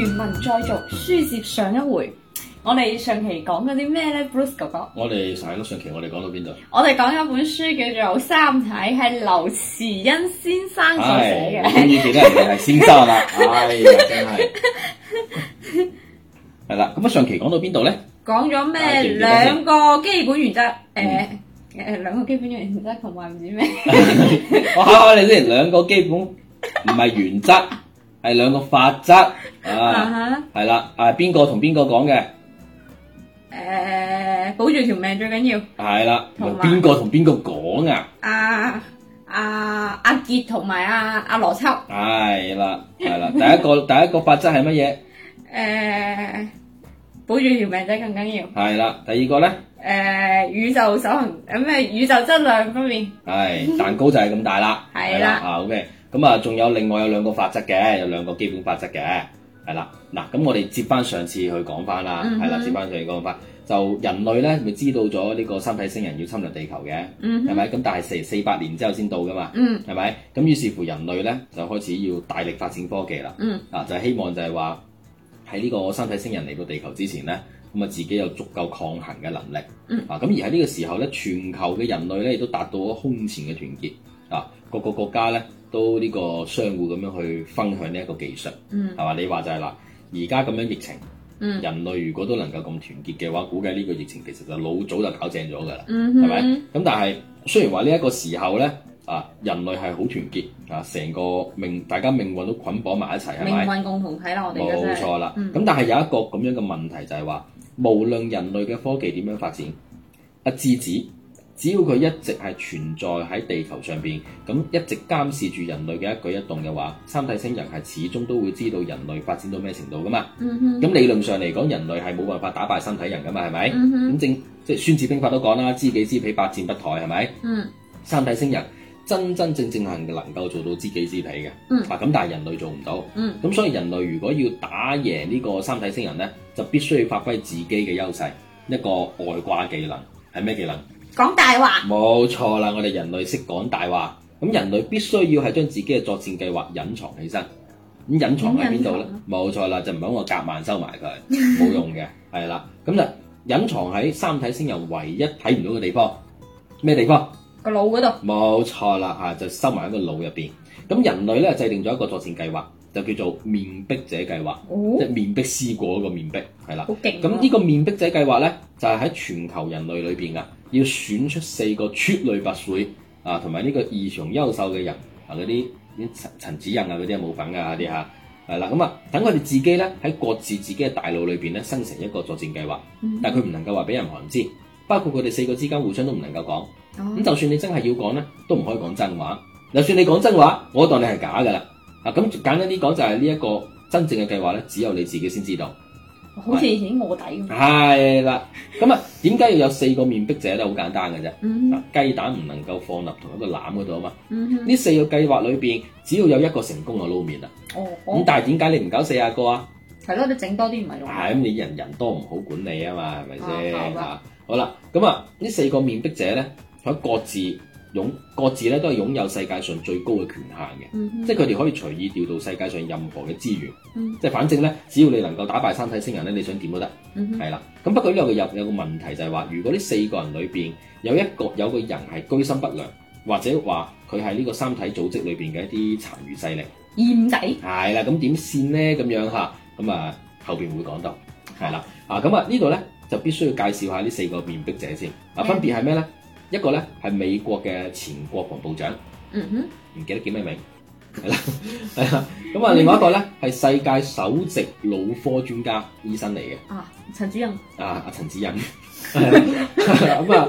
原文再續，書接上一回。我哋上期講嗰啲咩咧，Bruce 哥哥？我哋上日上期我講，我哋講到邊度？我哋講咗本書，叫做《三體》，係劉慈欣先生所寫嘅。咁以前啲人講係先生啦，係、哎、真係。係啦，咁啊，上期講到邊度咧？講咗咩？兩、啊、個基本原則，誒誒、嗯，兩、呃、個基本原則同埋唔知咩？ 我考下你先，兩個基本唔係原則。 係兩個法則啊，係啦，係邊個同邊個講嘅？誒，保住條命最緊要。係啦，同邊個同邊個講啊？阿阿阿杰同埋阿阿羅輯。係啦，係啦，第一個第一個法則係乜嘢？誒，保住條命仔更緊要。係啦，第二個咧？誒，宇宙守恆有咩宇宙質量方面？係，蛋糕就係咁大啦。係啦，啊，OK。咁啊，仲有另外有兩個法則嘅，有兩個基本法則嘅，係啦，嗱，咁我哋接翻上，上次去講翻啦，係啦、嗯哼，接翻上次講翻，就人類呢咪知道咗呢個三體星人要侵略地球嘅，係咪、嗯哼？咁但係四四百年之後先到噶嘛，係咪、嗯？咁於是乎人類呢，就開始要大力發展科技啦，嗱、嗯啊，就希望就係話喺呢個三體星人嚟到地球之前呢，咁啊自己有足夠抗衡嘅能力，嗯、啊，咁而喺呢個時候呢，全球嘅人類呢，亦都達到咗空前嘅團結，啊，各個國家呢。都呢個相互咁樣去分享呢一個技術，係嘛、嗯？你話就係啦，而家咁樣疫情，嗯、人類如果都能夠咁團結嘅話，估計呢個疫情其實就老早就搞正咗㗎啦，係咪、嗯？咁但係雖然話呢一個時候咧，啊人類係好團結，啊成個命大家命運都捆綁埋一齊，係咪？命運共同體啦，我哋真係冇錯啦。咁、嗯、但係有一個咁樣嘅問題就係話，無論人類嘅科技點樣發展，一支子，只要佢一直係存在喺地球上邊，咁一直監視住人類嘅一舉一動嘅話，三體星人係始終都會知道人類發展到咩程度噶嘛。咁、嗯、哼理論上嚟講，人類係冇辦法打敗三體人噶嘛，係咪？咁、嗯、哼正即係《孫子兵法》都講啦，知己知彼，百戰不殆，係咪？嗯、三體星人真真正正係能夠做到知己知彼嘅。嗱咁、嗯啊，但係人類做唔到。咁、嗯、所以人類如果要打贏呢個三體星人呢，就必須要發揮自己嘅優勢，一個外掛技能係咩技能？講大話，冇錯啦！我哋人類識講大話，咁人類必須要係將自己嘅作戰計劃隱藏起身。咁隱藏喺邊度咧？冇錯、嗯、啦，就唔係我夾萬收埋佢，冇 用嘅係啦。咁就隱藏喺三體星人唯一睇唔到嘅地方，咩地方？個腦嗰度。冇錯啦，吓就收埋喺個腦入邊。咁人類咧制定咗一個作戰計劃，就叫做面壁者計劃，哦、即係面壁思過嗰個面壁係啦。好勁、啊。咁呢個面壁者計劃咧，就係、是、喺全球人類裏邊噶。要選出四個出類拔萃啊，同埋呢個異常優秀嘅人啊，嗰啲啲陳陳子韻啊嗰啲冇份㗎啲吓，係啦咁啊，等佢哋自己咧喺各自自己嘅大腦裏邊咧生成一個作戰計劃，但係佢唔能夠話俾任何人知，包括佢哋四個之間互相都唔能夠講。咁、哦、就算你真係要講咧，都唔可以講真話。就算你講真話，我當你係假㗎啦。啊咁簡單啲講，就係呢一個真正嘅計劃咧，只有你自己先知道。好似以前臥底咁，係啦，咁啊，點解要有四個面壁者咧？好簡單嘅啫，雞蛋唔能夠放入同一個籃嗰度啊嘛，呢、嗯、哼四個計劃裏邊，只要有一個成功嘅露面啦。哦，咁但係點解你唔搞四十個啊？係咯，你整多啲唔係用？係咁，你人人多唔好管理啊嘛，係咪先啊？好啦，咁啊，呢四個面壁者咧，佢各自。擁各自咧都係擁有世界上最高嘅權限嘅，嗯、哼即係佢哋可以隨意調度世界上任何嘅資源，嗯、即係反正咧，只要你能夠打敗三體星人咧，你想點都得，係啦、嗯哼。咁不過呢度嘅有有個問題就係話，如果呢四個人裏邊有一個有一個人係居心不良，或者話佢係呢個三體組織裏邊嘅一啲殘餘勢力，二五仔，係啦，咁點線咧咁樣嚇？咁啊後邊會講到，係啦，啊咁啊呢度咧就必須要介紹下呢四個面壁者先，啊分別係咩咧？嗯一個咧係美國嘅前國防部長，唔、嗯、哩 記得叫咩名，係啦 style，係啊，咁啊另外一個咧係世界首席腦科專家醫生嚟嘅，啊陳主任，陳啊阿陳主任，咁啊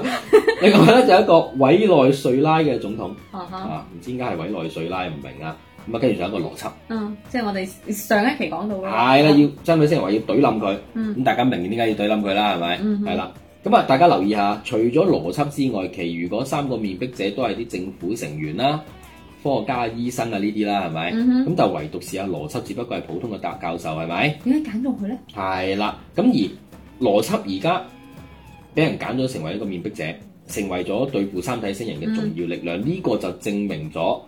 你講咧就一個委內瑞拉嘅總統，啊、哦、唔知點解係委內瑞拉唔明啊，咁啊跟住就一個邏輯，嗯，即係我哋上一期講到啦，係啦了，要真係先話要懟冧佢，咁、嗯、大家明點解要懟冧佢啦，係咪，係啦、mm。Hmm. 咁啊！大家留意下，除咗邏輯之外，其餘嗰三個面壁者都係啲政府成員啦、科學家、醫生啊呢啲啦，係咪？咁、嗯、哼就唯獨是阿邏輯，只不過係普通嘅達教授，係咪？點解揀中佢呢？係啦，咁而邏輯而家俾人揀咗成為一個面壁者，成為咗對付三體星人嘅重要力量，呢、嗯、個就證明咗。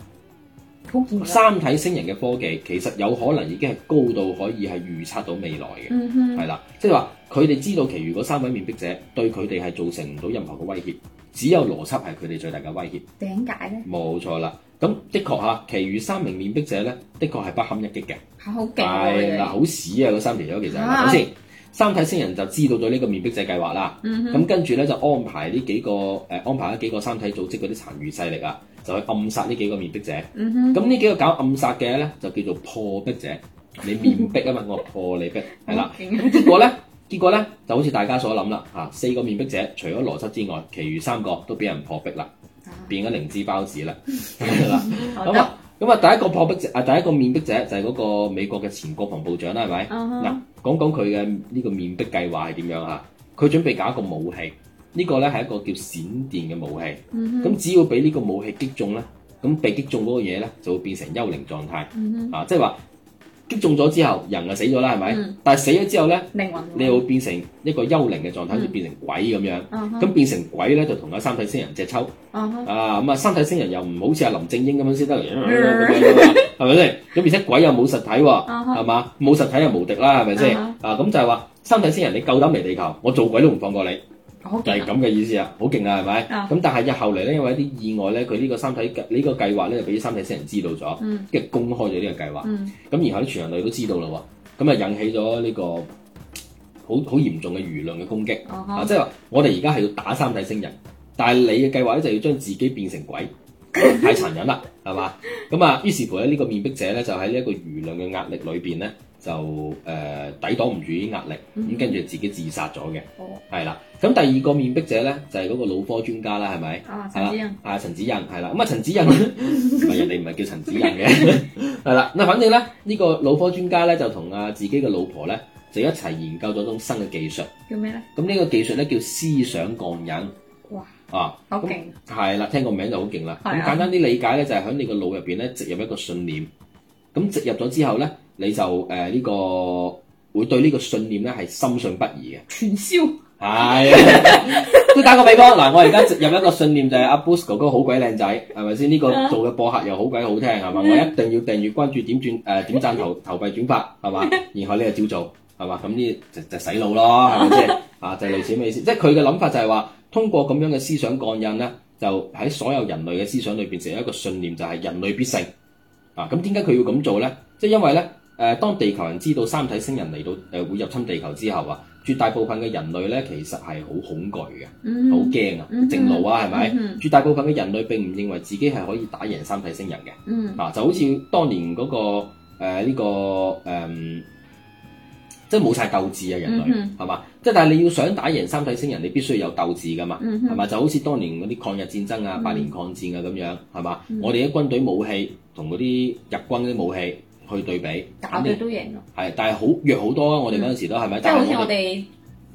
三體星人嘅科技其實有可能已經係高度可以係預測到未來嘅，係啦、嗯哼，即係話佢哋知道，其餘嗰三位面壁者對佢哋係造成唔到任何嘅威脅，只有邏輯係佢哋最大嘅威脅。點解呢？冇錯啦，咁的確吓，其餘三名面壁者呢，的確係不堪一擊嘅，係嗱，好屎啊！嗰三條友其實，首先，三體星人就知道咗呢個面壁者計劃啦，咁跟住呢，就安排呢幾個誒、呃，安排咗幾個三體組織嗰啲殘餘勢力啊。就去暗殺呢幾個面壁者，咁呢、mm hmm. 幾個搞暗殺嘅咧就叫做破壁者。你面壁啊嘛，我破你壁，係啦。結果咧，結果咧就好似大家所諗啦嚇，四個面壁者除咗羅輯之外，其餘三個都俾人破壁啦，變咗靈芝包子啦。好啦，咁啊第一個破壁者啊，第一個面壁者就係嗰個美國嘅前國防部長啦，係咪？嗱、uh，huh. 講講佢嘅呢個面壁計劃係點樣嚇？佢準備搞一個武器。呢個咧係一個叫閃電嘅武器，咁只要俾呢個武器擊中咧，咁被擊中嗰個嘢咧就會變成幽靈狀態啊，即係話擊中咗之後，人就死咗啦，係咪？但係死咗之後咧，你會變成一個幽靈嘅狀態，就變成鬼咁樣。咁變成鬼咧，就同阿三體星人隻抽啊咁啊。三體星人又唔好似阿林正英咁樣先得嚟，係咪先？咁而且鬼又冇實體喎，係嘛？冇實體又無敵啦，係咪先？啊咁就係話三體星人，你夠膽嚟地球，我做鬼都唔放過你。哦啊、就係咁嘅意思啊，好勁啊，係咪、哦？咁但係又後嚟咧，因為一啲意外咧，佢呢個三體計呢、呢個計劃咧，就俾三體星人知道咗，即係、嗯、公開咗呢個計劃。咁、嗯、然後咧，全人類都知道啦喎，咁啊引起咗呢個好好嚴重嘅輿論嘅攻擊、哦嗯、啊！即係話我哋而家係要打三體星人，但係你嘅計劃咧就是、要將自己變成鬼， 太殘忍啦，係嘛？咁啊，於是乎咧，呢、呢個面壁者咧就喺呢一個輿論嘅壓力裏邊咧。就誒、呃、抵擋唔住啲壓力，咁跟住自己自殺咗嘅，係啦、oh。咁第二個面壁者咧就係、是、嗰個腦科專家啦，係咪？啊，陳子仁啊，陳子仁係啦。咁啊，陳子仁，唔係人哋唔係叫陳子仁嘅，係啦。嗱，反正咧呢、這個腦科專家咧就同啊自己嘅老婆咧就一齊研究咗種新嘅技術。叫咩咧？咁呢個技術咧叫思想鋼印。哇！啊，好勁！係啦，聽個名就好勁啦。咁 簡單啲理解咧，就係、是、喺你個腦入邊咧植入一個信念。咁植入咗之後咧？你就誒呢、呃這個會對呢個信念咧係深信不疑嘅。傳銷係， 都打個比方嗱，我而家入一個信念就係、是、阿 Boost 哥哥好鬼靚仔，係咪先？呢、這個做嘅播客又好鬼好聽，係嘛？ 我一定要訂閱、關注、點轉、誒、呃、點讚、投投幣、轉發，係嘛？然後呢個照做，係嘛？咁呢就就洗腦咯，係咪先？ 啊，就是、類似咩意思？即係佢嘅諗法就係話，通過咁樣嘅思想鋼印咧，就喺所有人類嘅思想裏邊，成為一個信念，就係人類必勝。啊，咁點解佢要咁做咧？即係因為咧。誒，當地球人知道三體星人嚟到，誒會入侵地球之後啊，絕大部分嘅人類咧，其實係好恐懼嘅，好驚啊，正路啊，係咪？絕大部分嘅人類並唔認為自己係可以打贏三體星人嘅，嗱就好似當年嗰個呢個誒，即係冇晒鬥志啊人類，係嘛？即係但係你要想打贏三體星人，你必須有鬥志噶嘛，係嘛？就好似當年嗰啲抗日戰爭啊、八年抗戰啊咁樣，係嘛？我哋啲軍隊武器同嗰啲日軍嗰啲武器去對比，打佢都贏咯。係，但係好弱好多啊！我哋嗰陣時都係咪？但係好似我哋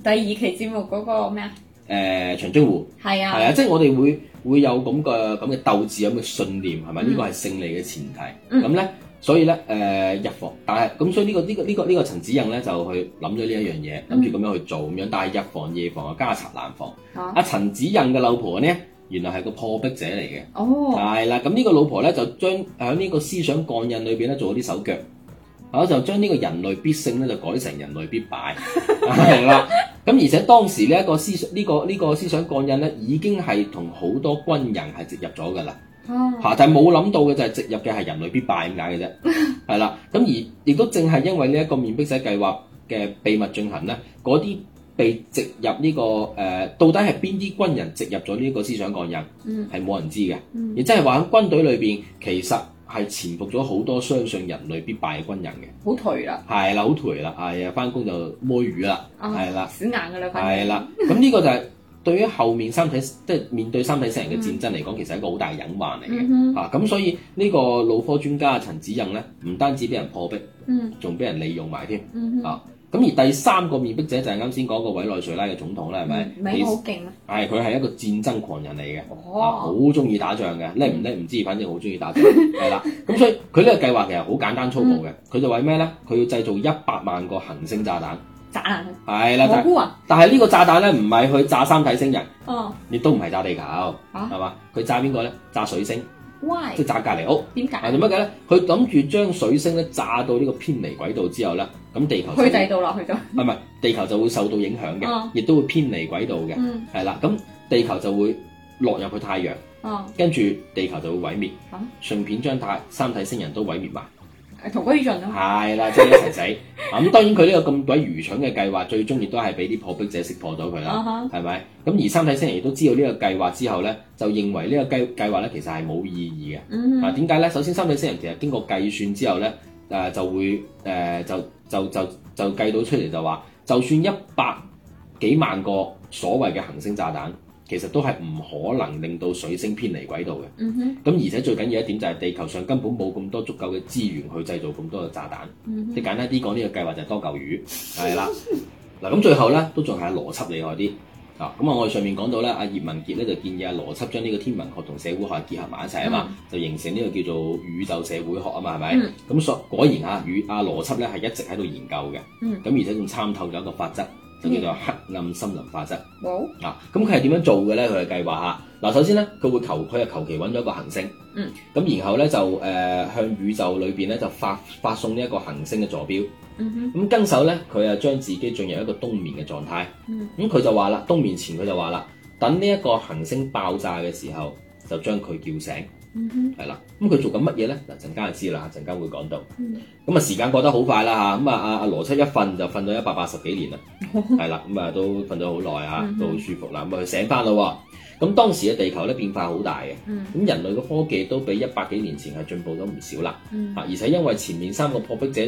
第二期節目嗰個咩啊？誒，長津湖係啊，係啊，即係我哋會會有咁嘅咁嘅鬥志，咁嘅信念係咪？呢個係勝利嘅前提。咁咧，所以咧誒，入房。但係咁所以呢個呢個呢個呢個陳子韻咧就去諗咗呢一樣嘢，諗住咁樣去做咁樣，但係日防夜防啊，家賊難防。阿陳子韻嘅老婆咧？原來係個破壁者嚟嘅，係啦、oh.，咁呢個老婆咧就將喺呢個思想鋼印裏邊咧做咗啲手腳，啊就將呢個人類必勝咧就改成人類必敗，明啦。 咁而且當時呢一個思想呢、呢個呢、呢個思想鋼印咧已經係同好多軍人係植入咗噶啦，吓但係冇諗到嘅就係植入嘅係人類必敗咁解嘅啫，係啦。咁 而亦都正係因為呢一個面壁者計劃嘅秘密進行咧，啲。被植入呢個誒，到底係邊啲軍人植入咗呢個思想鋼印，係冇人知嘅。亦即係話喺軍隊裏邊，其實係潛伏咗好多相信人類必敗嘅軍人嘅。好頹啦，係啦，好頹啦，係啊，返工就摸魚啦，係啦，死硬㗎啦，係啦。咁呢個就係對於後面三體，即係面對三體星人嘅戰爭嚟講，其實係一個好大隱患嚟嘅。嚇咁，所以呢個腦科專家陳子印咧，唔單止俾人破壁，仲俾人利用埋添啊。咁而第三個面壁者就係啱先講個委內瑞拉嘅總統啦，係咪？名好勁啊！係，佢係一個戰爭狂人嚟嘅，好中意打仗嘅。咧唔咧唔知，反正好中意打仗，係啦。咁所以佢呢個計劃其實好簡單粗暴嘅。佢就為咩咧？佢要製造一百萬個恒星炸彈。炸彈係啦，但係呢個炸彈咧唔係去炸三體星人，亦都唔係炸地球，係嘛？佢炸邊個咧？炸水星。喂！即係炸隔籬屋。點解？做乜嘅咧？佢諗住將水星咧炸到呢個偏離軌道之後咧。咁地球去軌道落去咗。唔係，地球就會受到影響嘅，亦都會偏離軌道嘅，係啦。咁地球就會落入去太陽，跟住地球就會毀滅，順便將太三體星人都毀滅埋，同歸於盡係啦，即係一齊死。咁當然佢呢個咁鬼愚蠢嘅計劃，最終亦都係俾啲破壁者識破咗佢啦。係咪？咁而三體星人亦都知道呢個計劃之後咧，就認為呢個計計劃咧其實係冇意義嘅。嗱，點解咧？首先，三體星人其實經過計算之後咧。誒、呃、就會誒、呃、就就就就計到出嚟就話，就算一百幾萬個所謂嘅行星炸彈，其實都係唔可能令到水星偏離軌道嘅。咁、嗯、哼而且最緊要一點就係地球上根本冇咁多足夠嘅資源去製造咁多嘅炸彈。嗯哼。即簡單啲講，呢個計劃就係多嚿魚。係啦。嗱，咁 最後咧，都仲係阿羅輯厲害啲。啊，咁啊、嗯，我哋上面講到啦，阿葉文傑咧就建議阿、啊、羅輯將呢個天文學同社會學合結合埋一齊啊嘛，嗯、就形成呢個叫做宇宙社會學啊嘛，係咪？咁所、嗯、果然啊，與阿、啊、羅輯咧係一直喺度研究嘅，咁、嗯、而且仲參透咗一個法則。就叫做黑暗森林法則。冇 Wow. 啊，咁佢係點樣做嘅咧？佢係計劃啊，嗱，首先咧，佢會求佢啊求其揾咗一個行星。嗯，咁然後咧就誒、呃、向宇宙裏邊咧就發發送呢一個行星嘅座標。嗯哼、mm，咁跟手咧佢啊將自己進入一個冬眠嘅狀態。Mm hmm. 嗯，咁佢就話啦，冬眠前佢就話啦，等呢一個行星爆炸嘅時候就將佢叫醒。嗯哼，係啦、mm，咁、hmm. 佢做緊乜嘢咧？嗱，陣間就知啦，陣間會講到。咁啊、mm，hmm. 時間過得好快啦嚇，咁啊，阿阿羅輯一瞓就瞓咗一百八十幾年啦，係啦，咁啊都瞓咗好耐啊，都好、mm hmm. 舒服啦，咁啊佢醒翻咯。咁當時嘅地球咧變化好大嘅，咁、mm hmm. 人類嘅科技都比一百幾年前係進步咗唔少啦。啊、mm，hmm. 而且因為前面三個破壁者。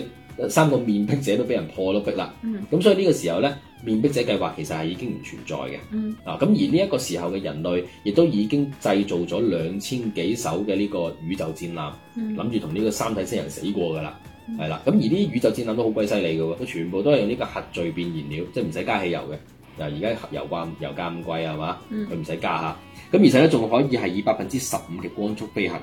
三個面壁者都俾人破咗壁啦，咁、嗯、所以呢個時候咧，面壁者計劃其實係已經唔存在嘅。啊、嗯，咁而呢一個時候嘅人類，亦都已經製造咗兩千幾艘嘅呢個宇宙戰艦，諗住同呢個三體星人死過噶啦，係啦、嗯。咁而啲宇宙戰艦都好鬼犀利嘅，佢全部都係用呢個核聚變燃料，即係唔使加汽油嘅。又而家油價油價咁貴係嘛，佢唔使加吓。咁而且咧仲可以係以百分之十五嘅光速飛行，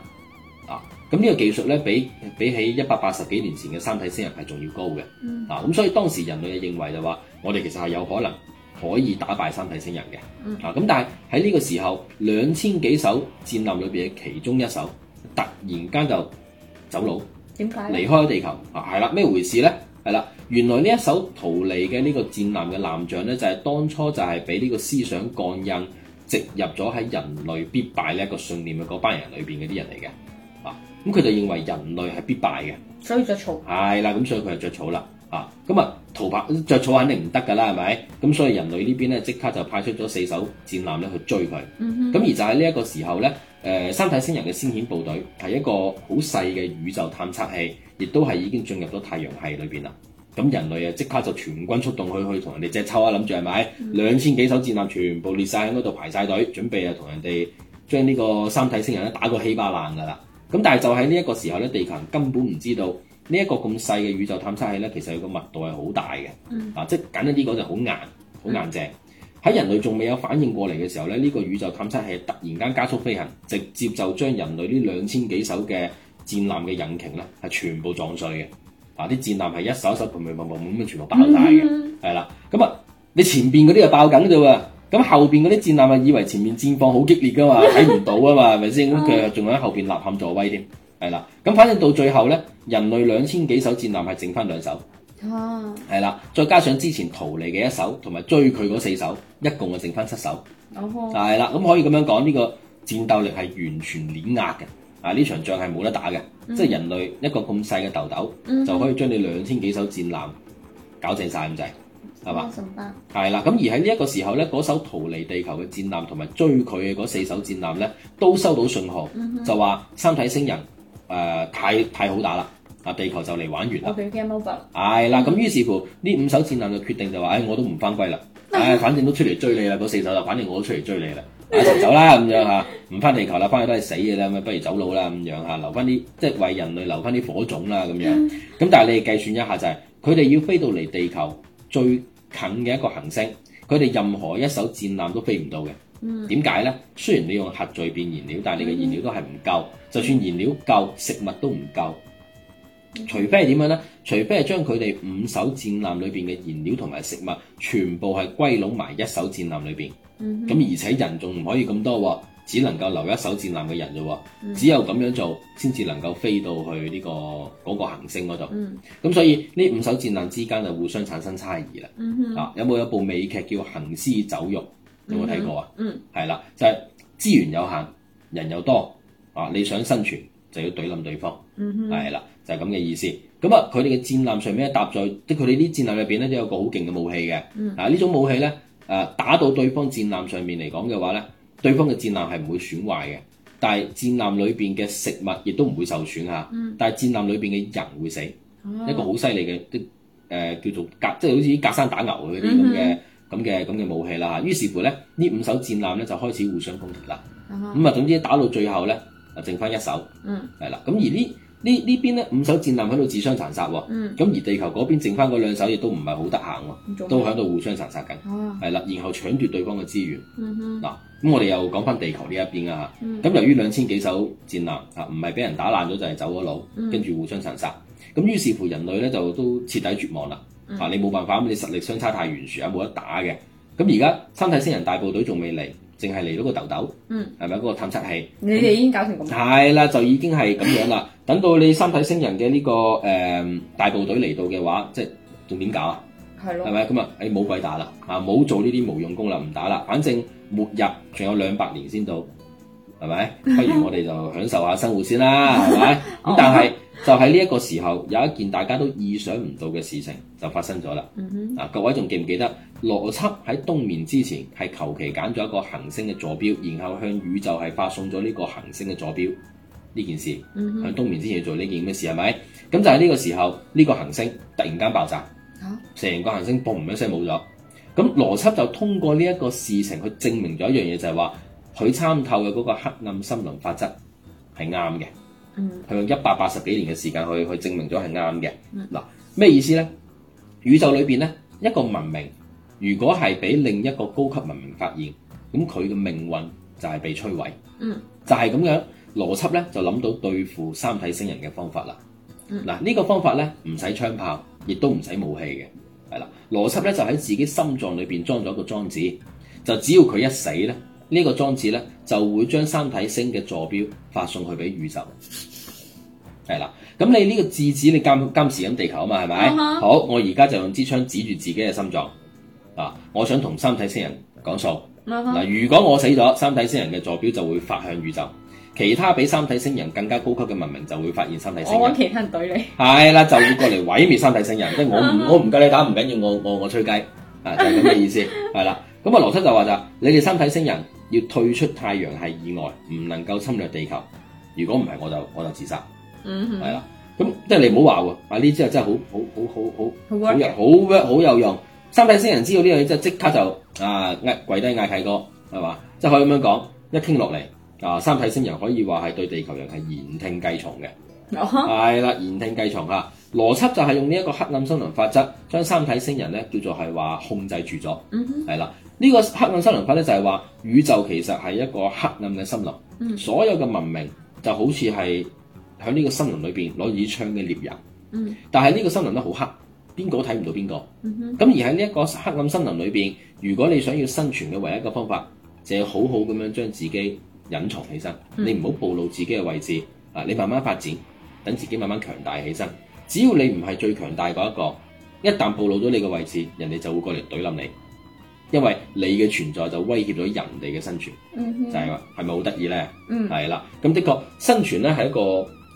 啊！咁呢個技術咧，比比起一百八十幾年前嘅三體星人係仲要高嘅。嗱、嗯，咁、啊、所以當時人類就認為就話，我哋其實係有可能可以打敗三體星人嘅。嗯、啊，咁但係喺呢個時候，兩千幾艘戰艦裏邊嘅其中一艘突然間就走佬，點解離開咗地球？啊，係啦，咩回事咧？係啦，原來呢一艘逃離嘅呢個戰艦嘅艦長咧，就係、是、當初就係俾呢個思想鋼印，植入咗喺人類必敗呢一個信念嘅嗰班人裏邊嗰啲人嚟嘅。咁佢就認為人類係必敗嘅，所以着草係啦。咁所以佢就着草啦啊。咁啊，逃跑着草肯定唔得噶啦，係咪？咁所以人類呢邊咧，即刻就派出咗四艘戰艦咧去追佢。咁、嗯、哼而就喺呢一個時候咧，誒、呃、三體星人嘅先遣部隊係一個好細嘅宇宙探測器，亦都係已經進入咗太陽系裏邊啦。咁人類啊，即刻就全軍出動去去同人哋隻抽啊，諗住係咪兩千幾艘戰艦全部列晒喺嗰度排晒隊，準備啊同人哋將呢個三體星人咧打個稀巴爛噶啦。咁但係就喺呢一個時候咧，地球人根本唔知道呢一、這個咁細嘅宇宙探測器咧，其實佢個密度係好大嘅，嗯、啊，即係簡單啲講就好硬、好硬淨。喺、嗯、人類仲未有反應過嚟嘅時候咧，呢、這個宇宙探測器突然間加速飛行，直接就將人類呢兩千幾艘嘅戰艦嘅引擎咧，係全部撞碎嘅，啊，啲戰艦係一手一手蓬蓬蓬蓬咁全部爆晒嘅，係啦、嗯，咁啊，你前邊嗰啲就爆緊㗎喎。嗯嗯咁後邊嗰啲戰艦啊，以為前面戰況好激烈噶嘛，睇唔到啊嘛，係咪先？咁佢仲喺後邊吶喊助威添，係啦。咁反正到最後咧，人類兩千幾艘戰艦係剩翻兩艘，係啦、啊，再加上之前逃離嘅一艘，同埋追佢嗰四艘，一共係剩翻七艘，係啦。咁、啊、可以咁樣講，呢、呢個戰鬥力係完全碾壓嘅，啊呢場仗係冇得打嘅，啊、即係人類一個咁細嘅豆豆、啊、就可以將你兩千幾艘戰艦搞正晒咁滯。係嘛？係啦，咁 18. 而喺呢一個時候咧，嗰艘逃離地球嘅戰艦同埋追佢嘅嗰四艘戰艦咧，都收到信號，mm hmm. 就話三體星人誒、呃、太太好打啦，啊地球就嚟玩完啦，係啦，咁於是乎呢五艘戰艦就決定就話、是，唉、哎、我都唔翻歸啦，唉、 哎、反正都出嚟追你，追你、啊、啦，嗰四艘就反正我都出嚟追你啦，一齊走啦咁樣吓，唔翻地球啦，翻去都係死嘅啦，咁不如走佬啦咁樣吓，留翻啲即係為人類留翻啲火種啦咁樣，咁、mm hmm. 但係你計算一下就係，佢哋要飛到嚟地球。最近嘅一個行星，佢哋任何一艘戰艦都飛唔到嘅。點解、嗯、呢？雖然你用核聚變燃料，但係你嘅燃料都係唔夠。嗯、就算燃料夠，食物都唔夠。除非係點樣呢？除非係將佢哋五艘戰艦裏邊嘅燃料同埋食物全部係歸攏埋一艘戰艦裏邊。咁、嗯、哼而且人仲唔可以咁多喎、啊。只能夠留一手戰艦嘅人啫喎，只有咁樣做先至能夠飛到去、這、呢個嗰、那個行星嗰度。咁、嗯、所以呢五艘戰艦之間就互相產生差異啦。嗯、哼啊，有冇有一部美劇叫《行屍走肉》？有冇睇過啊、嗯？嗯，係啦，就係、是、資源有限，人又多啊，你想生存就要隊冧對方。嗯哼，係啦，就係咁嘅意思。咁啊，佢哋嘅戰艦上面搭載即係佢哋啲戰艦裏邊咧，都有個好勁嘅武器嘅、嗯。嗯，嗯嗱呢種武器咧，誒打到對方戰艦上面嚟講嘅話咧。對方嘅戰艦係唔會損壞嘅，但係戰艦裏邊嘅食物亦都唔會受損嚇。嗯、但係戰艦裏邊嘅人會死，嗯、一個好犀利嘅啲誒叫做隔，呃叫做呃，即係好似隔山打牛嗰啲咁嘅咁嘅咁嘅武器啦嚇。於是乎咧，呢五艘戰艦咧就開始互相攻擊啦。咁啊、嗯，總之打到最後咧，啊剩翻一手，係啦、嗯。咁而呢。 邊呢呢邊咧五艘戰艦喺度自相殘殺喎，咁、嗯、而地球嗰邊剩翻嗰兩艘亦都唔係好得閒喎，還都喺度互相殘殺緊，係啦、啊，然後搶奪對方嘅資源。嗱、嗯嗯，咁我哋又講翻地球呢一邊啊，咁由於兩千幾艘戰艦啊，唔係俾人打爛咗就係、是、走咗路，嗯嗯跟住互相殘殺，咁、啊、於是乎人類咧就都徹底絕望啦。啊，你冇辦法咁，你實力相差太懸殊啊，冇得打嘅。咁而家三體星人大部隊仲未嚟，淨係嚟到個豆豆，嗯，係咪啊？嗰個探測器，你哋已經搞成咁，係啦，就已經係咁樣啦。 等到你三體星人嘅呢個誒、呃、大部隊嚟到嘅話，即係仲點搞啊？係咯的，係咪咁啊，誒冇鬼打啦，啊冇做呢啲無用功啦，唔打啦，反正末日仲有兩百年先到。係咪？不如我哋就享受下生活先啦，係咪？咁 但係就喺呢一個時候，有一件大家都意想唔到嘅事情就發生咗啦。嗱， 各位仲記唔記得？邏輯喺冬眠之前係求其揀咗一個行星嘅坐標，然後向宇宙係發送咗呢個行星嘅坐標呢件事。喺冬眠之前做呢件咩事係咪？咁就喺呢個時候，呢、呢個行星突然間爆炸，成個行星嘣一聲冇咗。咁邏輯就通過呢一個事情去證明咗一樣嘢，就係、係、話。佢參透嘅嗰個黑暗森林法則係啱嘅，係、嗯、用一百八十幾年嘅時間去去證明咗係啱嘅。嗱咩、嗯、意思呢？宇宙裏邊呢，一個文明如果係俾另一個高級文明發現，咁佢嘅命運就係被摧毀，嗯、就係咁樣。邏輯咧就諗到對付三體星人嘅方法啦。嗱呢、嗯這個方法咧唔使槍炮，亦都唔使武器嘅，係啦。邏輯咧就喺自己心臟裏邊裝咗一個裝置，就只要佢一死咧。呢個裝置呢，就會將三體星嘅座標發送去俾宇宙，係啦。咁你呢個智子你監監視緊地球啊嘛，係咪？好，我而家就用支槍指住自己嘅心臟啊！我想同三體星人講數嗱，如果我死咗，三體星人嘅座標就會發向宇宙，其他比三體星人更加高級嘅文明就會發現三體星人。其他人對你係啦，就會過嚟毀滅三體星人。即係我唔我唔夠你打，唔緊要，我我我吹雞啊，就係咁嘅意思係啦。咁啊，羅輯就話就你哋三體星人，要退出太陽系以外，唔能夠侵略地球。如果唔係，我就我就自殺。嗯哼，係啦。咁即係你唔好話喎，啊，呢招真係好好好好好 work? 好好 work 好有用。三體星人知道呢樣嘢，即係即刻就啊、呃、跪低嗌契哥，係嘛？即係可以咁樣講，一傾落嚟啊，三體星人可以話係對地球人係言聽計從嘅。係啦、哦哼，言聽計從嚇。邏輯就係用呢一個黑暗森林法則，將三體星人咧叫做係話控制住咗。嗯哼，係啦。呢個黑暗森林法咧就係話宇宙其實係一個黑暗嘅森林，嗯、所有嘅文明就好似係喺呢個森林裏邊攞耳槍嘅獵人。嗯、但係呢個森林都好黑，邊個睇唔到邊個。咁、嗯、哼而喺呢一個黑暗森林裏邊，如果你想要生存嘅唯一一個方法，就係、是、好好咁樣將自己隱藏起身，嗯、你唔好暴露自己嘅位置啊！你慢慢發展，等自己慢慢強大起身。只要你唔係最強大嗰一個，一旦暴露咗你嘅位置，人哋就會過嚟懟冧你。因為你嘅存在就威脅咗人哋嘅生存，嗯、哼就係、是、喎，係咪好得意咧？係啦、嗯，咁的確生存咧係一個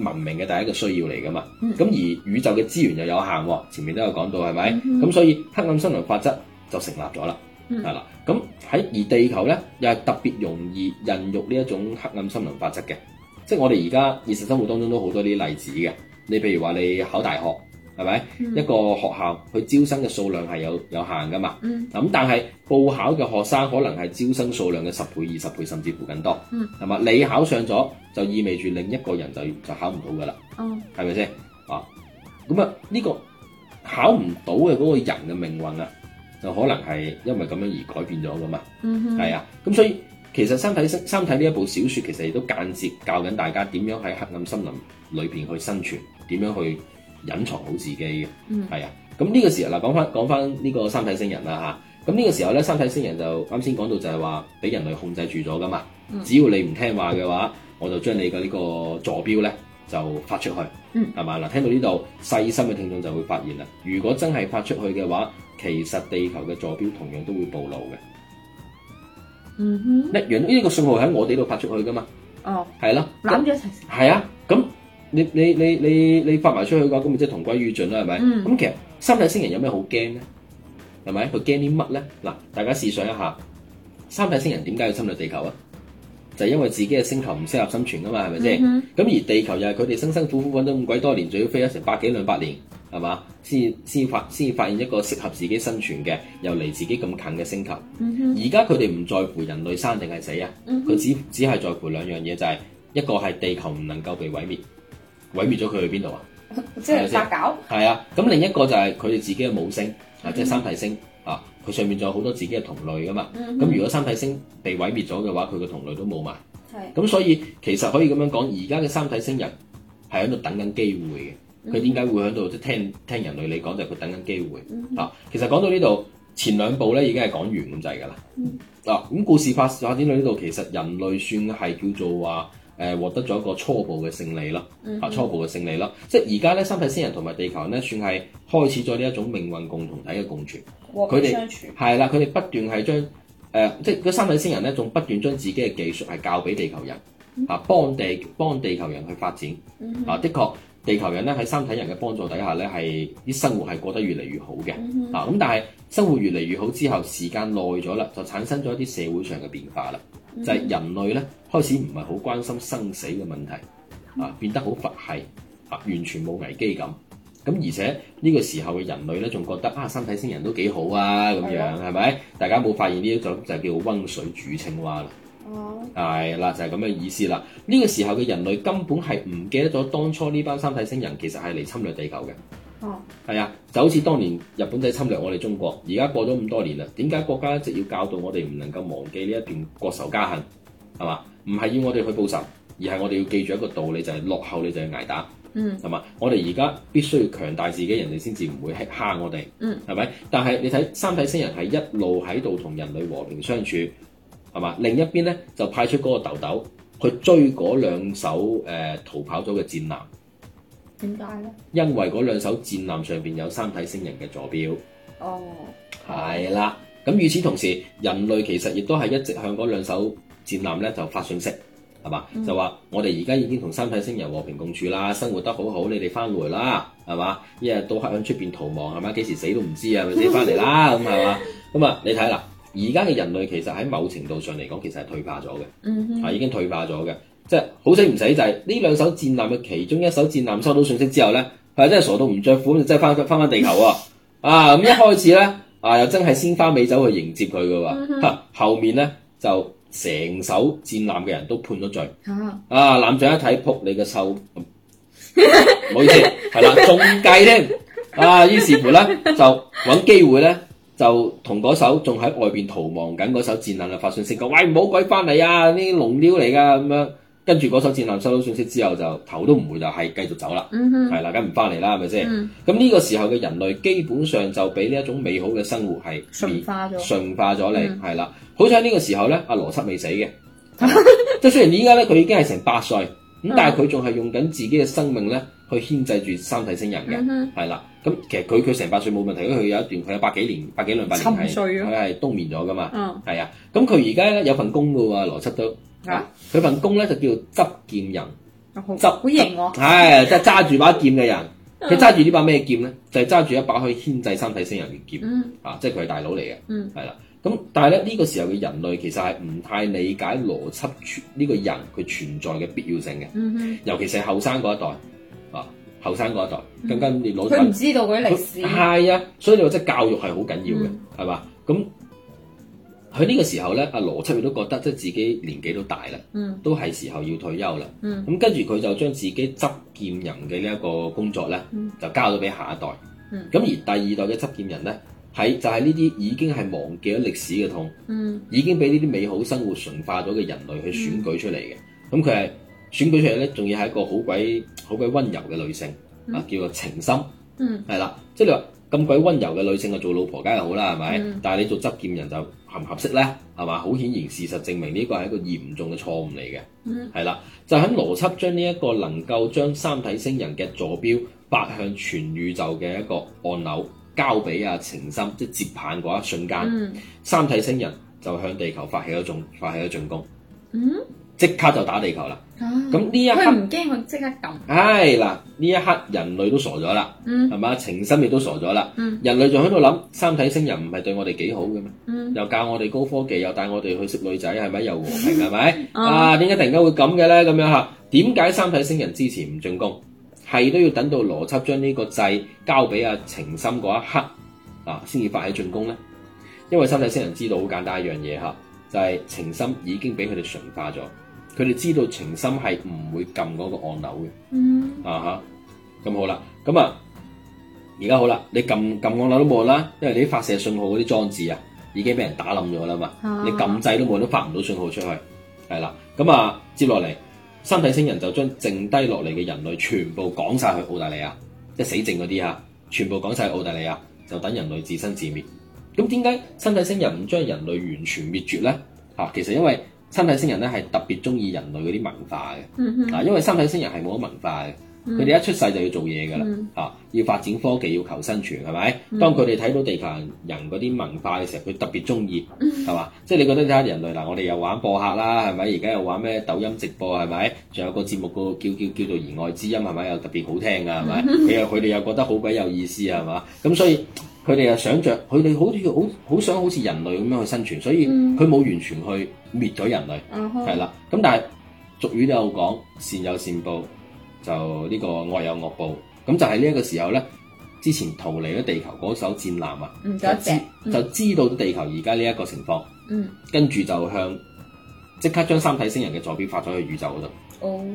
文明嘅第一個需要嚟噶嘛。咁、嗯、而宇宙嘅資源又有限，前面都有講到係咪？咁、嗯、哼所以黑暗森林法則就成立咗啦。係啦、嗯，咁喺而地球咧又係特別容易孕育呢一種黑暗森林法則嘅，即、就、係、是、我哋而家現實生活當中都好多啲例子嘅。你譬如話你考大學。嗯係咪、嗯、一個學校佢招生嘅數量係有有限噶嘛？咁、嗯、但係報考嘅學生可能係招生數量嘅十倍、二十倍，甚至乎更多係嘛、嗯？你考上咗就意味住另一個人就就考唔到噶啦，係咪先啊？咁啊呢個考唔到嘅嗰個人嘅命運啊，就可能係因為咁樣而改變咗噶嘛？係、嗯、哼啊，咁所以其實《三體》三體呢一部小說，其實亦都間接教緊大家點樣喺黑暗森林裏邊去生存，點樣去。隱藏好自己嘅，係啊。咁呢個時候嗱，講翻講翻呢個三體星人啦嚇。咁呢個時候咧，三體星人就啱先講到就係話俾人類控制住咗噶嘛。只要你唔聽話嘅話，我就將你嘅呢個座標咧就發出去，係嘛嗱。聽到呢度，細心嘅聽眾就會發現啦。如果真係發出去嘅話，其實地球嘅座標同樣都會暴露嘅。嗯哼，一樣呢個信號喺我哋度發出去噶嘛。哦，係咯，攬住一齊。係啊，咁。你你你你你發埋出去嘅話，咁咪即係同歸於盡啦，係咪？咁、嗯、其實三體星人有咩好驚咧？係咪佢驚啲乜咧？嗱，大家試想一下，三體星人點解要侵略地球啊？就係、是、因為自己嘅星球唔適合生存啊嘛，係咪先？咁、嗯、哼 而地球又係佢哋辛辛苦苦揾咗咁鬼多年，仲要飛咗成百幾兩百年，係嘛？先先發先發現一個適合自己生存嘅又離自己咁近嘅星球。而家佢哋唔在乎人類生定係死啊，佢、嗯、哼 只只係在乎兩樣嘢，就係、是、一個係地球唔能夠被毀滅。毀滅咗佢去邊度啊？即係殺狗？係吧操啊，咁另一個就係佢哋自己嘅母星啊，即係三體星、嗯、啊，佢上面仲有好多自己嘅同類噶嘛。咁、嗯嗯嗯、如果三體星被毀滅咗嘅話，佢個同類都冇埋。係是。咁所以其實可以咁樣講，而家嘅三體星人係喺度等緊機會嘅。佢點解會喺度？即係聽，聽人類嚟講，就係、是、佢等緊機會，嗯嗯嗯啊。其實講到呢度，前兩部咧已經係講完咁滯㗎啦。啊，咁故事發發展到呢度，其實人類算係叫做話。誒獲得咗一個初步嘅勝利啦，啊、嗯、哼初步嘅勝利啦，即係而家咧，三體星人同埋地球人咧，算係開始咗呢一種命運共同體嘅共存，佢哋相處。係啦，佢哋不斷係將誒、呃，即係三體星人咧，仲不斷將自己嘅技術係教俾地球人，嗯、啊幫地幫地球人去發展。嗯、哼啊，的確，地球人咧喺三體人嘅幫助底下咧，係啲生活係過得越嚟越好嘅。嗯、哼啊，咁但係生活越嚟越好之後，時間耐咗啦，就產生咗一啲社會上嘅變化啦。就係人類咧，開始唔係好關心生死嘅問題，啊變得好佛系，啊完全冇危機感，咁、啊、而且呢個時候嘅人類咧，仲覺得啊三體星人都幾好啊咁樣，係咪了？大家冇發現呢一種就係叫溫水煮青蛙啦，係啦，就係咁嘅意思啦。呢、呢個時候嘅人類根本係唔記得咗當初呢班三體星人其實係嚟侵略地球嘅。哦，係、oh. 啊，就好似當年日本仔侵略我哋中國，而家過咗咁多年啦，點解國家一直要教導我哋唔能夠忘記呢一段國仇家恨，係嘛？唔係要我哋去報仇，而係我哋要記住一個道理，就係、是、落後你就要挨打，嗯，係嘛？我哋而家必須要強大自己人，人哋先至唔會嚇我哋，嗯，係咪？但係你睇三體星人係一路喺度同人類和平相處，係嘛？另一邊咧就派出嗰個豆豆去追嗰兩艘誒、呃、逃跑咗嘅戰艦。點解咧？為因為嗰兩艘戰艦上邊有三體星人嘅座標。哦，係啦。咁與此同時，人類其實亦都係一直向嗰兩艘戰艦咧就發信息，係嘛？嗯、就話我哋而家已經同三體星人和平共處啦，生活得好好，你哋翻來啦，係嘛？一日到黑響出邊逃亡係嘛？幾時死都唔知啊，咪死翻嚟啦咁係嘛？咁啊，嗯、哼你睇啦，而家嘅人類其實喺某程度上嚟講，其實係退化咗嘅，啊、嗯哼，已經退化咗嘅。即係好死唔死，呢、就是、兩艘戰艦嘅其中一艘戰艦收到信息之後咧，佢係真係傻到唔着款，即係翻翻翻地球啊！ 啊咁、嗯、一開始咧，啊又真係鮮花美酒去迎接佢嘅喎，嚇、啊、後面咧就成艘戰艦嘅人都判咗罪 啊！艦長一睇，撲你嘅手，唔好意思係啦，仲計添啊！於是乎咧就揾機會咧就同嗰艘仲喺外邊逃亡緊嗰艘戰艦啊發信息，講，喂，唔好鬼翻嚟啊！呢啲龍嬌嚟㗎咁樣。跟住嗰艘戰艦收到信息之後，就頭都唔會就係繼續走啦，係啦、嗯哼，梗唔翻嚟啦，係咪先？咁呢、嗯嗯、個時候嘅人類基本上就俾呢一種美好嘅生活係化咗，馴化咗你。係啦、嗯。好彩呢個時候咧，阿羅輯未死嘅，即係、嗯、哼雖然依家咧佢已經係成八歲，咁、嗯、哼但係佢仲係用緊自己嘅生命咧去牽制住三體星人嘅，係啦、嗯哼。咁其實佢佢成八歲冇問題，因為佢有一段佢有，段有百幾年、百幾兩百年，佢係冬眠咗噶嘛，係啊、嗯。咁佢而家咧有份工嘅喎，羅輯都。佢份、啊、工咧就是、叫做執劍人，執好型喎、哦，係即係揸住把劍嘅人，佢揸住把劍呢把咩劍咧？就係、是、揸住一把可以牽制三體星人嘅劍，嗯、啊，即係佢係大佬嚟嘅，係啦、嗯。咁但係咧呢個時候嘅人類其實係唔太理解邏輯存呢個人佢存在嘅必要性嘅，嗯、哼尤其是後生嗰一代啊，後生嗰一代更加你老唔、嗯、知道嗰啲歷史，係啊，所以你話即係教育係好緊要嘅，係嘛、嗯。咁、嗯。 佢呢個時候咧，阿羅輯佢都覺得即係自己年紀都大啦，嗯，都係時候要退休啦，嗯，咁跟住佢就將自己執劍人嘅呢一個工作咧，就交咗俾下一代，嗯，咁而第二代嘅執劍人咧，喺就係呢啲已經係忘記咗歷史嘅痛，嗯，已經俾呢啲美好生活純化咗嘅人類去選舉出嚟嘅，咁佢係選舉出嚟咧，仲要係一個好鬼好鬼溫柔嘅女性，啊、嗯，叫做情深，嗯，係啦，即係話。咁鬼溫柔嘅女性啊，做老婆梗係好啦，係咪？嗯、但係你做執劍人就合唔合適呢？係嘛？好顯然事實證明呢個係一個嚴重嘅錯誤嚟嘅，係啦、嗯。就喺羅輯將呢一個能夠將三體星人嘅座標播向全宇宙嘅一個按鈕交俾阿程心，即、就、係、是、接棒嗰一瞬間，嗯、三體星人就向地球發起咗種發起咗進攻。嗯即刻就打地球啦！咁呢、啊、一刻唔驚佢即刻撳。係嗱，呢一刻人類都傻咗啦，係嘛、嗯？情深亦都傻咗啦。嗯、人類仲喺度諗三體星人唔係對我哋幾好嘅咩？嗯、又教我哋高科技，又帶我哋去識女仔，係咪？又和平，係咪？嗯、啊，點解突然間會咁嘅咧？咁樣嚇，點解三體星人之前唔進攻？係都要等到邏輯將呢個掣交俾阿、啊、情深嗰一刻嗱，先、啊、至發起進攻咧。因為三體星人知道好簡單一樣嘢嚇，就係、是、情深，深已經俾佢哋純化咗。佢哋知道情深係唔會撳嗰個按鈕嘅，啊嚇、mm，咁、hmm. uh huh. 好啦，咁啊，而家好啦，你撳撳按，按鈕都冇啦，因為你啲發射信號嗰啲裝置啊，已經俾人打冧咗啦嘛，ah. 你撳掣都冇，都發唔到信號出去，係啦，咁啊，接落嚟，三體星人就將剩低落嚟嘅人類全部趕晒去澳大利亞，即、就、係、是、死剩嗰啲嚇，全部趕晒去澳大利亞，就等人類自生自滅。咁點解三體星人唔將人類完全滅絕咧？嚇、啊，其實因為三體星人咧係特別中意人類嗰啲文化嘅，啊、mm，hmm. 因為三體星人係冇乜文化嘅，佢哋、mm hmm. 一出世就要做嘢㗎啦，嚇、mm hmm. 啊，要發展科技，要求生存，係咪？Mm hmm. 當佢哋睇到地球人嗰啲文化嘅時候，佢特別中意，係嘛？Mm hmm. 即係你覺得睇下人類嗱，我哋又玩播客啦，係咪？而家又玩咩抖音直播，係咪？仲有個節目個叫叫叫做言外之音，係咪？又特別好聽㗎，係咪？佢又佢哋又覺得好鬼有意思，係嘛？咁所以。佢哋又想着佢哋好似好好想好似人類咁樣去生存，所以佢冇完全去滅咗人類，係啦、嗯。咁但係俗語都有講善有善報，就呢個惡有惡報。咁就喺呢一個時候咧，之前逃離咗地球嗰首戰艦啊、嗯，就知道咗地球而家呢一個情況，嗯、跟住就向即刻將三體星人嘅座標發咗去宇宙嗰度。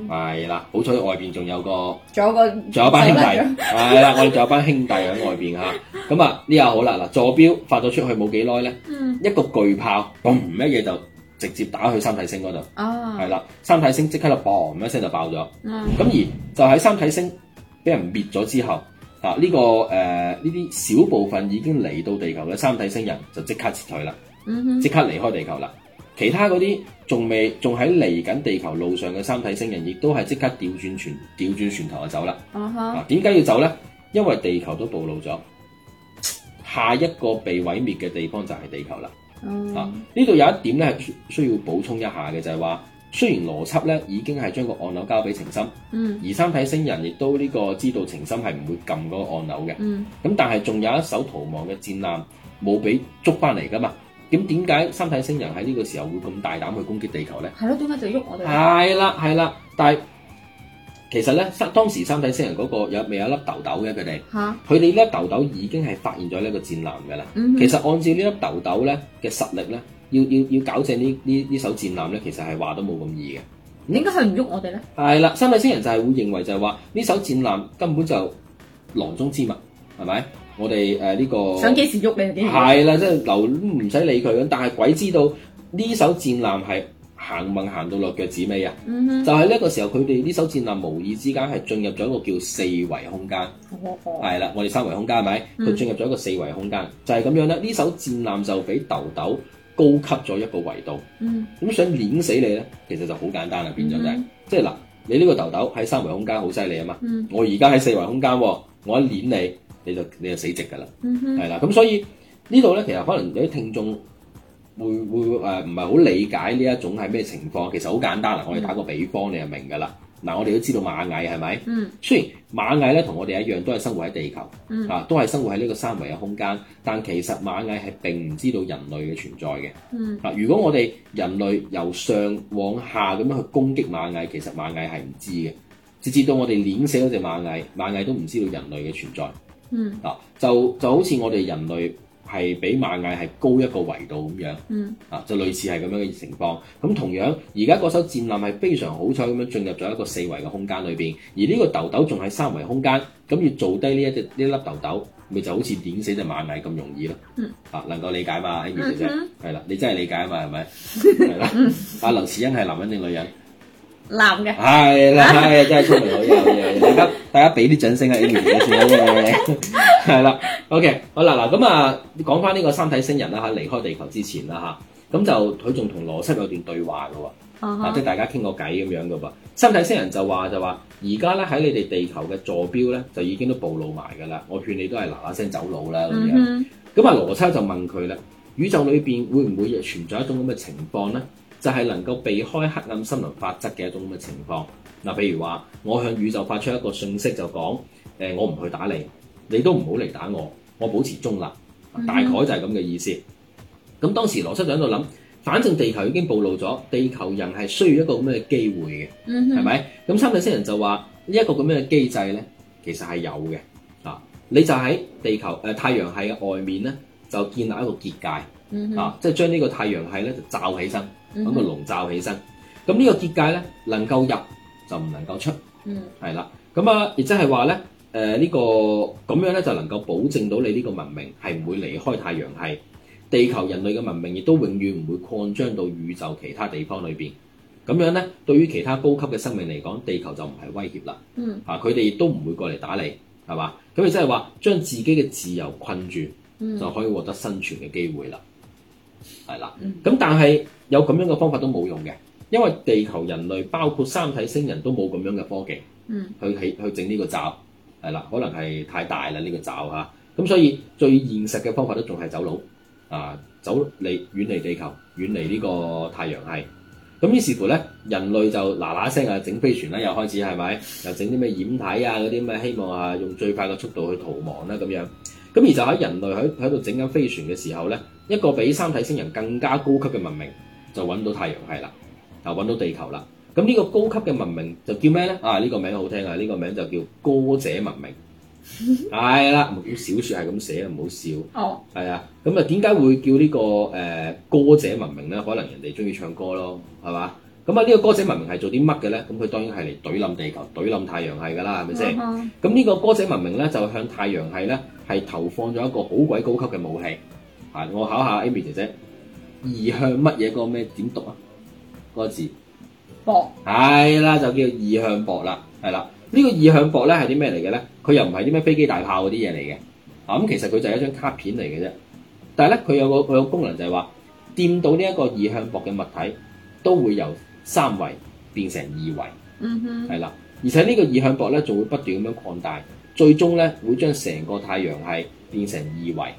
係啦，oh. 好彩外邊仲有個，仲有個，仲有班兄弟，係啦， 我哋仲有班兄弟喺外邊吓。咁啊， 呢下好啦，嗱，坐標發咗出去冇幾耐咧，嗯、一個巨炮，嘣，一嘢就直接打去三體星嗰度。哦、啊，係啦，三體星即刻就嘣一聲就爆咗。咁、嗯、而就喺三體星俾人滅咗之後，啊、這個，呢個誒呢啲小部分已經嚟到地球嘅三體星人就即刻撤退啦，即、嗯、哼刻離開地球啦。其他嗰啲仲未仲喺嚟緊地球路上嘅三體星人，亦都係即刻調轉船調轉船頭就走啦。Uh huh. 啊哈！點解要走呢？因為地球都暴露咗，下一個被毀滅嘅地方就係地球啦。Uh huh. 啊，呢度有一點咧係需要補充一下嘅，就係、是、話雖然邏輯咧已經係將個按鈕交俾情深，嗯、uh，huh. 而三體星人亦都呢個知道情深係唔會撳嗰個按鈕嘅，嗯、uh，咁、huh. 但係仲有一艘逃亡嘅戰艦冇俾捉翻嚟噶嘛。咁點解三體星人喺呢個時候會咁大膽去攻擊地球咧？係咯，點解就喐我哋？係啦，係啦，但係其實咧，當時三體星人嗰、嗰個有未有一粒豆豆嘅佢哋？嚇！佢哋、啊、呢粒豆豆已經係發現咗呢個戰艦㗎喇。嗯、哼其實按照呢粒豆豆咧嘅實力咧，要要要搞正呢呢呢艘戰艦咧，其實係話都冇咁易嘅。點解佢唔喐我哋咧？係啦，三體星人就係會認為就係話呢艘戰艦根本就囊中之物，係咪？我哋誒呢個想幾時喐你幾日？係啦，即係留唔使理佢咁。但係鬼知道呢艘戰艦係行運行到落腳趾尾啊！Mm hmm. 就係呢個時候，佢哋呢艘戰艦無意之間係進入咗一個叫四維空間，好係啦，我哋三維空間係咪？佢、mm hmm. 進入咗一個四維空間，就係、是、咁樣咧。呢艘戰艦就畀豆豆高級咗一個維度。嗯、mm，咁、hmm. 想碾死你咧，其實就好簡單啦，變咗就係即係嗱，你呢個豆豆喺三維空間好犀利啊嘛。Mm hmm. 我而家喺四維空間，我一碾你。你就你就死直噶啦，係啦、嗯哼。咁所以呢度咧，其實可能有啲聽眾會會誒唔係好理解呢一種係咩情況。其實好簡單啦，嗯、我哋打個比方，你就明噶啦。嗱、嗯，我哋都知道螞蟻係咪？是是嗯、雖然螞蟻咧同我哋一樣，都係生活喺地球啊，嗯、都係生活喺呢個三維嘅空間。但其實螞蟻係並唔知道人類嘅存在嘅。嗯、嗱，如果我哋人類由上往下咁樣去攻擊螞蟻，其實螞蟻係唔知嘅。直至到我哋碾死嗰隻螞蟻，螞蟻都唔知道人類嘅存在。嗯嗱，就就好似我哋人類係比螞蟻係高一個維度咁樣，嗯啊，就類似係咁樣嘅情況。咁同樣而家嗰首戰艦係非常好彩咁樣進入咗一個四維嘅空間裏邊，而呢個豆豆仲係三維空間，咁要做低呢一隻呢粒豆豆，咪就好似點死隻螞蟻咁容易咯。嗯、啊，能夠理解嘛？Amy 姐姐係啦，你真係理解嘛？係咪？阿劉慈欣係男人定女人？男嘅係啦，係、哎的哎、真係聰明女，大家大家俾啲掌聲啦，演員嘅錢係啦，OK 好啦嗱咁啊，講翻呢個三體星人啦吓、啊，離開地球之前啦吓，咁、啊、就佢仲同羅輯有段對話噶喎，即、啊、係大家傾個偈咁樣噶喎，三、啊啊、哼體星人就話就話而家咧喺你哋地球嘅坐標咧就已經都暴露埋噶啦，我勸你都係嗱嗱聲走佬啦咁樣，咁啊、嗯、羅輯就問佢咧，宇宙裏邊會唔會存在一種咁嘅情況咧？就係能夠避開黑暗森林法則嘅一種咁嘅情況。嗱，譬如話，我向宇宙發出一個訊息，就講誒、呃，我唔去打你，你都唔好嚟打我，我保持中立，嗯、哼大概就係咁嘅意思。咁當時羅輯就喺度諗，反正地球已經暴露咗，地球人係需要一個咁嘅機會嘅，係咪、嗯哼？咁三體星人就話呢一個咁樣嘅機制咧，其實係有嘅啊。你就喺地球誒、呃、太陽系嘅外面咧，就建立一個結界啊、嗯、哼啊，即係將呢個太陽系咧就罩起身。咁個籠罩起身，咁呢個結界咧能夠入就唔能夠出，係啦、嗯。咁啊，亦即係話咧，誒、呃這個、呢個咁樣咧，就能夠保證到你呢個文明係唔會離開太陽系，地球人類嘅文明亦都永遠唔會擴張到宇宙其他地方裏邊。咁樣咧，對於其他高級嘅生命嚟講，地球就唔係威脅啦。嚇、嗯，佢哋亦都唔會過嚟打你，係嘛？咁亦即係話將自己嘅自由困住，嗯、就可以獲得生存嘅機會啦。係啦，咁但係。有咁樣嘅方法都冇用嘅，因為地球人類包括三體星人都冇咁樣嘅科技，嗯，去起去整呢個罩，係啦，可能係太大啦呢個罩。嚇咁，所以最現實嘅方法都仲係走佬啊，走離遠離地球，遠離呢個太陽系咁。於是乎咧，人類就嗱嗱聲啊，整飛船啦，又開始係咪又整啲咩掩體啊嗰啲咩？希望啊用最快嘅速度去逃亡啦咁樣咁。而就喺人類喺喺度整緊飛船嘅時候咧，一個比三體星人更加高級嘅文明。就揾到太陽系啦，啊揾到地球啦，咁呢個高級嘅文明就叫咩咧？啊呢個名好聽啊，呢個名就叫歌者文明，係啦， 啲小説係咁寫，唔好笑，哦，係啊，咁啊點解會叫呢個誒、呃、歌者文明咧？可能人哋中意唱歌咯，係嘛？咁啊呢個歌者文明係做啲乜嘅咧？咁佢當然係嚟懟冧地球、懟冧太陽系噶啦，係咪先？咁呢個歌者文明咧就向太陽系咧係投放咗一個好鬼高級嘅武器，啊我考，考下 Amy 姐姐。二向乜嘢？嗰個咩點讀啊？嗰、那個字，箔，係啦，就叫二向箔啦，係啦。這個、移呢個二向箔咧係啲咩嚟嘅咧？佢又唔係啲咩飛機大炮嗰啲嘢嚟嘅。啊、嗯，咁其實佢就係一張卡片嚟嘅啫。但係咧，佢有個佢個功能就係話，掂到呢一個二向箔嘅物體，都會由三維變成二維。嗯哼。係啦，而且呢個二向箔咧，仲會不斷咁樣擴大，最終咧會將成個太陽系變成二維。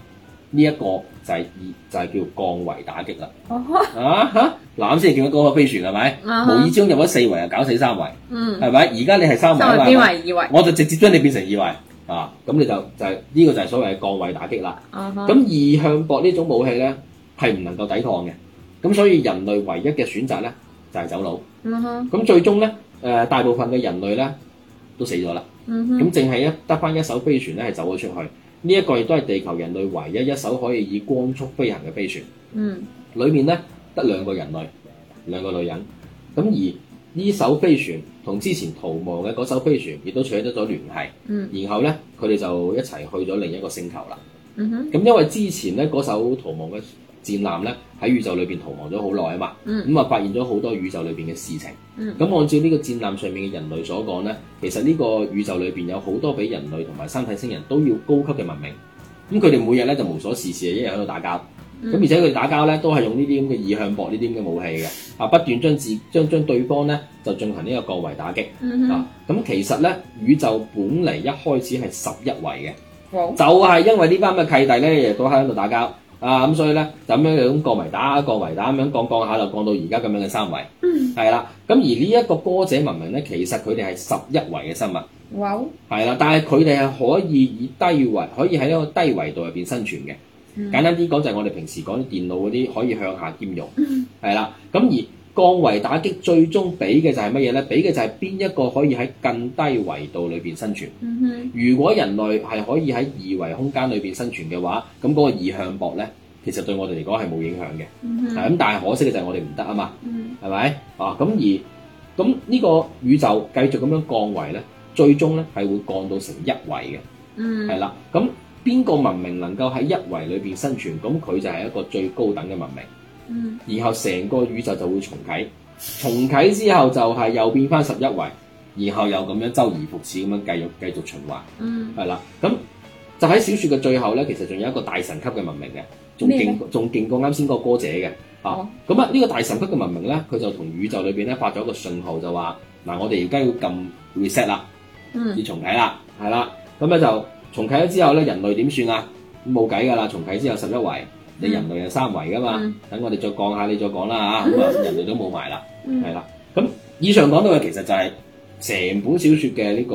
呢一個就係、是、以就係、是、叫降維打擊啦、 啊，啊嚇！啱、啊、先見到嗰個飛船係咪？是是 無意之中入咗四維，又搞死三維，係咪、嗯？而家你係三維啦、啊，我就直接將你變成二維，啊！咁你就就係、是、呢、這個就係所謂嘅降維打擊啦。咁二 向箔呢種武器咧係唔能夠抵抗嘅，咁所以人類唯一嘅選擇咧就係、是、走佬。咁 最終咧誒大部分嘅人類咧都死咗啦。咁淨係一得返一艘飛船咧係走咗出去。呢一個亦都係地球人類唯一一艘可以以光速飛行嘅飛船。嗯，裏面咧得兩個人類，兩個女人。咁而呢艘飛船同之前逃亡嘅嗰艘飛船亦都取得咗聯繫。嗯，然後咧佢哋就一齊去咗另一個星球啦。嗯哼，咁因為之前咧嗰艘逃亡嘅戰艦咧喺宇宙裏邊逃亡咗好耐啊嘛，咁啊、嗯、發現咗好多宇宙裏邊嘅事情。咁、嗯、按照呢個戰艦上面嘅人類所講咧，其實呢個宇宙裏邊有好多比人類同埋三體星人都要高級嘅文明。咁佢哋每日咧就無所事事，一日喺度打交。咁、嗯、而且佢哋打交咧都係用呢啲咁嘅二向箔呢啲咁嘅武器嘅，啊不斷將自將將對方咧就進行呢個降維打擊。嗯、哼啊，咁其實咧宇宙本嚟一開始係十一維嘅，哇就係因為呢班嘅契弟咧日日都喺度打交。啊咁所以咧就咁樣樣降維打，降維打咁樣降降下就降到而家咁樣嘅三維，係、嗯、啦。咁而呢一個歌者文明咧，其實佢哋係十一維嘅生物，係哇啦。但係佢哋係可以以低維，可以喺一個低維度入邊生存嘅。嗯、簡單啲講，就係我哋平時講電腦嗰啲可以向下兼容，係、嗯、啦。咁、嗯嗯嗯、而降維打擊最終畀嘅就係乜嘢呢？畀嘅就係邊一個可以喺更低維度裏邊生存？Mm hmm. 如果人類係可以喺二維空間裏邊生存嘅話，咁嗰個二向箔呢，其實對我哋嚟講係冇影響嘅。係咁、mm hmm.，但係可惜嘅就係我哋唔得啊嘛。係咪、mm hmm.？啊咁而咁呢個宇宙繼續咁樣降維呢，最終呢係會降到成一維嘅。係啦、mm，咁、hmm. 邊個文明能夠喺一維裏邊生存？咁佢就係一個最高等嘅文明。然後成個宇宙就會重啟，重啟之後就係又變翻十一維，然後又咁樣周而復始咁樣繼續繼續循環，係啦、嗯。咁就喺小說嘅最後咧，其實仲有一個大神級嘅文明嘅，仲勁仲勁過啱先嗰個歌者嘅。哦。咁啊，呢、呢個大神級嘅文明咧，佢就同宇宙裏邊咧發咗個信號就，就話嗱，我哋而家要撳 reset 啦，要、嗯、重啟啦，係啦。咁咧就重啟咗之後咧，人類點算啊？冇計噶啦，重啟之後十一維。你人類係三維噶嘛？嗯、等我哋再講下，你再講啦嚇。咁啊、嗯，人類都冇埋啦，係啦、嗯。咁以上講到嘅其實就係成本小説嘅呢個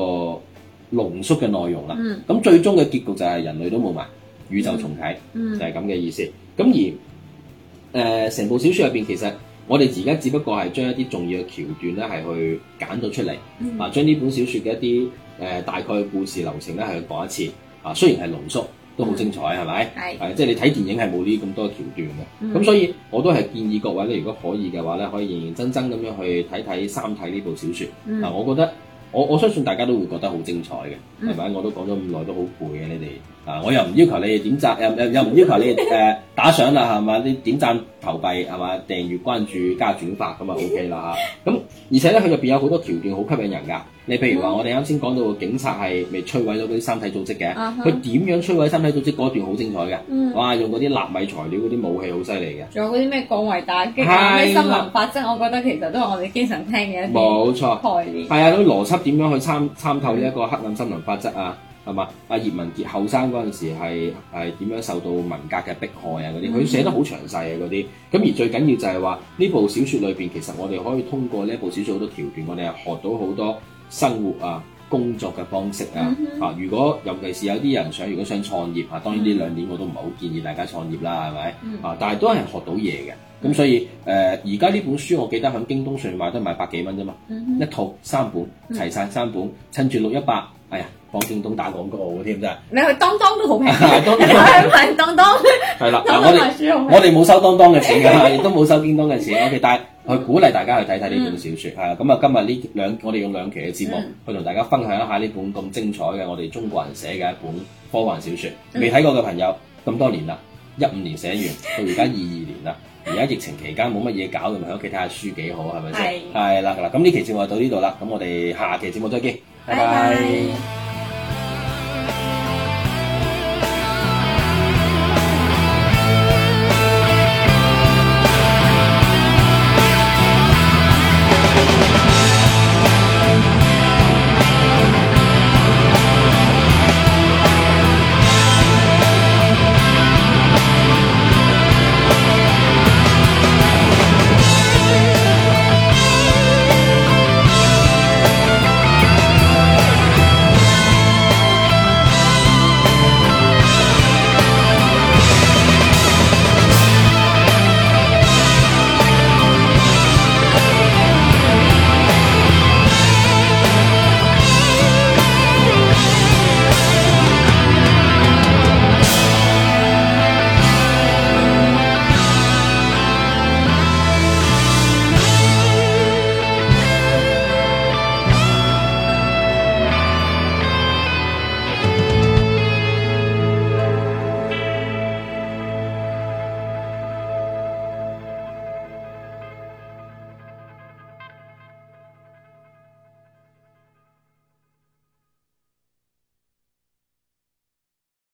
濃縮嘅內容啦。咁、嗯、最終嘅結局就係人類都冇埋，宇宙重啟，嗯、就係咁嘅意思。咁而誒成、呃、部小説入邊，其實我哋而家只不過係將一啲重要嘅橋段咧，係去揀咗出嚟，啊將呢本小説嘅一啲誒、呃、大概嘅故事流程咧，係去講一次。啊，雖然係濃縮。都好精彩，係咪？係是，係即係你睇電影係冇呢咁多橋段嘅，咁、嗯、所以我都係建議各位咧，如果可以嘅話咧，可以認認真真咁樣去睇睇《三體》呢部小說。嗱、嗯啊，我覺得我我相信大家都會覺得好精彩嘅，係咪？嗯、我都講咗咁耐都好攰呀，你哋。啊！我又唔要求你哋點贊，又又唔要求你哋、呃、打賞啦，係嘛？你點贊投幣係嘛？訂閱關注加轉發咁就 OK 啦嚇。咁、啊、而且咧，佢入邊有好多橋段好吸引人㗎。你譬如話，我哋啱先講到個警察係咪摧毀咗嗰啲三體組織嘅？佢點、啊、哼樣摧毀三體組織？嗰段好精彩嘅。嗯、哇！用嗰啲納米材料嗰啲武器好犀利嘅。仲有嗰啲咩降維打擊、黑暗森林法則，我覺得其實都係我哋經常聽嘅。冇錯，係啊、嗯，嗰啲邏輯點樣去參參,參透呢一個黑暗森林法則啊？係嘛？阿葉文傑後生嗰陣時係係點樣受到文革嘅迫害啊？嗰啲佢、mm hmm. 寫得好詳細啊！嗰啲咁，而最緊要就係話呢部小説裏邊，其實我哋可以通過呢部小説好多條段，我哋係學到好多生活啊、工作嘅方式啊。Mm hmm. 啊，如果尤其是有啲人想，如果想創業啊，當然呢兩年我都唔係好建議大家創業啦，係咪、mm hmm. 啊？但係都係學到嘢嘅咁，所以誒而家呢本書我記得響京東上面買都係賣百幾蚊啫嘛，mm hmm. 一套三本齊晒三本，三本 mm hmm. 趁住六一八，哎呀～幫京東打廣告嘅添，真係你去當當都好平。我係唔係當當？係啦，嗱，我哋我哋冇收當當嘅錢㗎，亦都冇收京東嘅錢。O K，但係去鼓勵大家去睇睇呢本小説係咁啊。今日呢兩我哋用兩期嘅節目去同大家分享一下呢本咁精彩嘅我哋中國人寫嘅一本科幻小説。未睇過嘅朋友咁多年啦，一五年寫完到而家二二年啦。而家疫情期間冇乜嘢搞，咪喺屋企睇下書幾好，係咪先係啦？嗱，咁呢期節目就到呢度啦。咁我哋下期節目再見，拜拜。